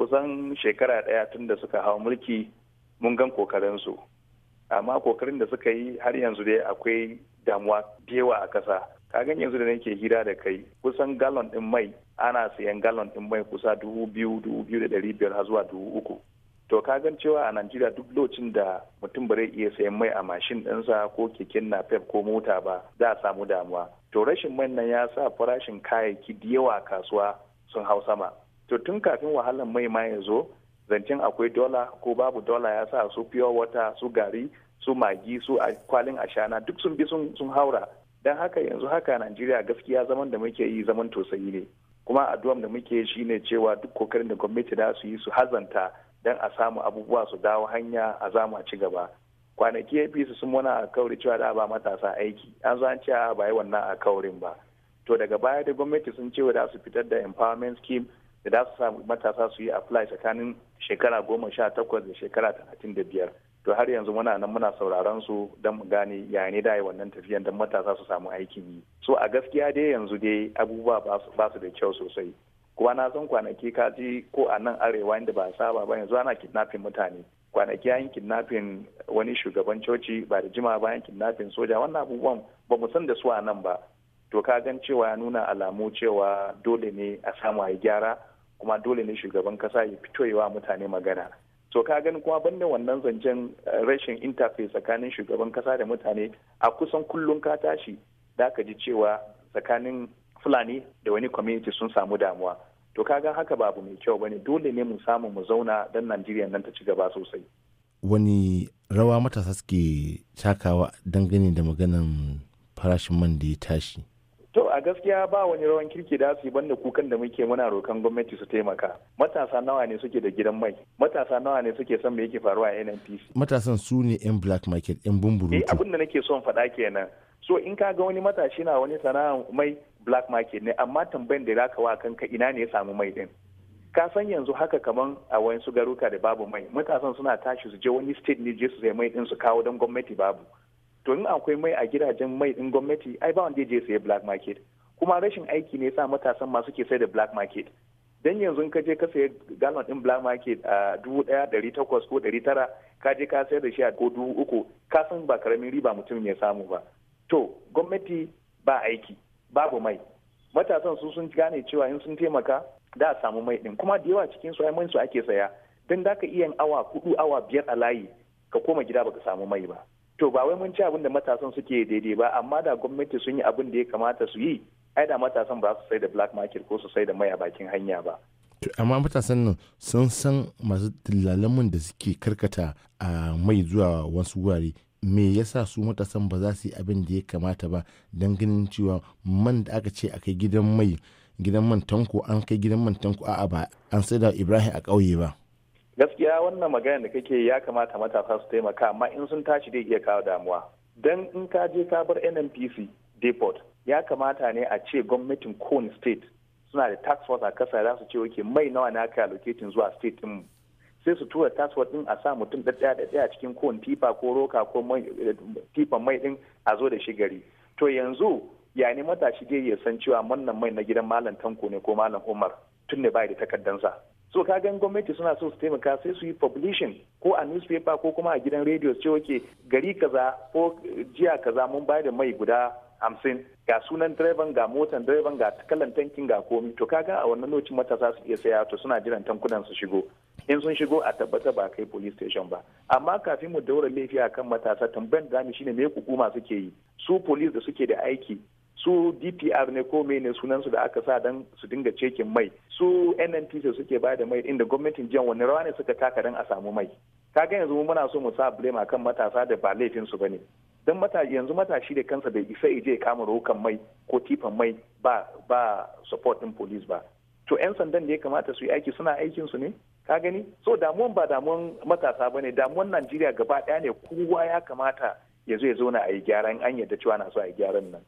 kusan shekara ɗaya tun da suka hau mulki mun gan kokarinsu amma kokarin da suka yi har yanzu dai akwai damuwa yawa a ƙasa ka gan yanzu da nake hira da kai kusan galon ɗin mai ana sayan galon ɗin mai kusa dubu biyu dubu biyu da ɗari biyar har zuwa dubu uku to ka gan cewa a najeriya duk lokacin da mutum ba zai iya sayan mai a mashin ɗinsa ko keken napep ko mota ba za a samu damuwa to rashin mai nan ya sa farashin kayayyaki da yawa kasuwa sun hau sama to tun kafin wahalar mai ma ya zo zancen akwai dola ko babu dola ya sa su pure water su gari su magi su kwalin ashana duk sun bi sun haura don haka yanzu haka najeriya gaskiya zaman da muke yi zaman tosayi ne kuma addu'am da muke shine cewa duk kokarin da gwamnati da su yi su hazanta don a samu abubuwa su dawo hanya a zamu ci gaba kwanaki ya fi su sun wani alkawari cewa da ba matasa aiki an zo an a ba yi wannan alkawarin ba to daga baya da gwamnati sun ce da su fitar da empowerment scheme da za su samu matasa su yi apply tsakanin shekara goma sha takwas da shekara talatin da biyar to har yanzu muna nan muna sauraron su don mu gane ya ne da wannan tafiyan don matasa su samu aikin yi so a gaskiya dai yanzu dai abubuwa ba su da kyau sosai kuma na san kwanaki ka ji ko a nan arewa inda ba saba ba yanzu ana kidnapping mutane kwanaki an kidnapping wani shugaban coci ba da jima bayan kidnapping soja wannan abubuwan ba mu san da su a nan ba to ka gan cewa ya nuna alamu cewa dole ne a samu a gyara kuma dole ne shugaban kasa ya fito yawa mutane magana to ka gani kuma banda wannan zancen eh, rashin interface tsakanin shugaban kasa da mutane a kusan kullum ka tashi da ka ji cewa tsakanin fulani da wani community sun samu damuwa to ka gan haka babu mai kyau bane dole ne mu samu mu zauna dan Najeriya nan ta ci gaba sosai wani rawa matasa suke takawa dangane da maganan farashin man da ya tashi a gaskiya ba wani rawan kirki da su yi banda kukan da muke muna rokan gwamnati su taimaka matasa nawa ne suke da gidan mai matasa nawa ne suke son me yake faruwa a NNPC matasan su ne yan black market yan bumburu eh abin da nake son faɗa kenan so in ka ga wani matashi na wani sana'a mai black market ne amma tambayan da zaka wa kanka ina ne ya samu mai din ka san yanzu haka kaman a wayansu garuka da babu mai matasan suna tashi su je wani state ne je su sai mai din su kawo don gwamnati babu to in akwai mai a gidajen mai din gwamnati ai ba wanda je saye black market kuma rashin aiki ne sa matasan masu ke sai da black market dan yanzu ka je ka sayi gallon din black market a dubu daya dari takwas ko dari tara ka je ka sayar da shi a ko dubu uku ka san ba karamin riba mutum ya samu ba to gwamnati ba aiki babu mai matasan su sun gane cewa in sun taimaka da a samu mai din kuma da yawa cikin su ai su ake saya dan da ka iya awa hudu awa biyar a layi ka koma gida baka samu mai ba to ba wai mun ci abin da matasan suke daidai ba amma da gwamnati sun yi abin da ya kamata su yi ai da matasan ba su sai da black market ko su sai da mai a bakin hanya ba amma matasan nan sun san masu dillalamin da suke karkata a mai zuwa wasu wurare me yasa su matasan ba za su yi abin da ya kamata ba don ganin cewa man da aka ce a kai gidan mai gidan man tanko an kai gidan man tanko a'a ba an sai da ibrahim a ƙauye ba gaskiya wannan magana da kake ya kamata matasa su taimaka amma in sun tashi dai iya kawo damuwa dan in ka je ka bar nnpc depot ya kamata ne a ce gwamnatin kone state suna da tax force a kasa za su ce wake mai nawa na aka allocating zuwa state din sai su tura tax force din a sa mutum da daya daya cikin kone tifa ko roka ko tifa mai din a zo da shi gari to yanzu ya ne matashi dai ya san cewa wannan mai na gidan malam tanko ne ko malam umar tun ne bai da takardansa so ka gan gwamnati suna so su taimaka sai su yi publishing ko a newspaper ko kuma a gidan radio ce wake gari kaza ko jiya kaza mun bayar da mai guda hamsin ga sunan direban ga motan direban ga kalan tankin ga komi to ga a wannan lokacin matasa su iya saya to suna jiran tankunan su shigo in sun shigo a tabbata ba kai police station ba amma kafin mu daura laifi akan matasa tambayar da zamu shine me hukuma suke yi su police da suke da aiki su dpr ne ko mai ne su da aka sa don su dinga cekin mai su nnpc suke ba da mai inda gwamnatin jiyan wani rawa ne suka taka don a samu mai ga yanzu muna so mu sa blame kan matasa da ba laifinsu ba ne don yanzu matashi da kansa bai isa ije kama rokan mai ko tifan mai ba ba support police ba to yan sandan da ya kamata su yi aiki suna aikin su ne ka gani so damuwan ba damuwan matasa bane damuwan najeriya gaba daya ne kowa ya kamata ya zo ya zauna a yi gyaran an yadda cewa na so a yi gyaran nan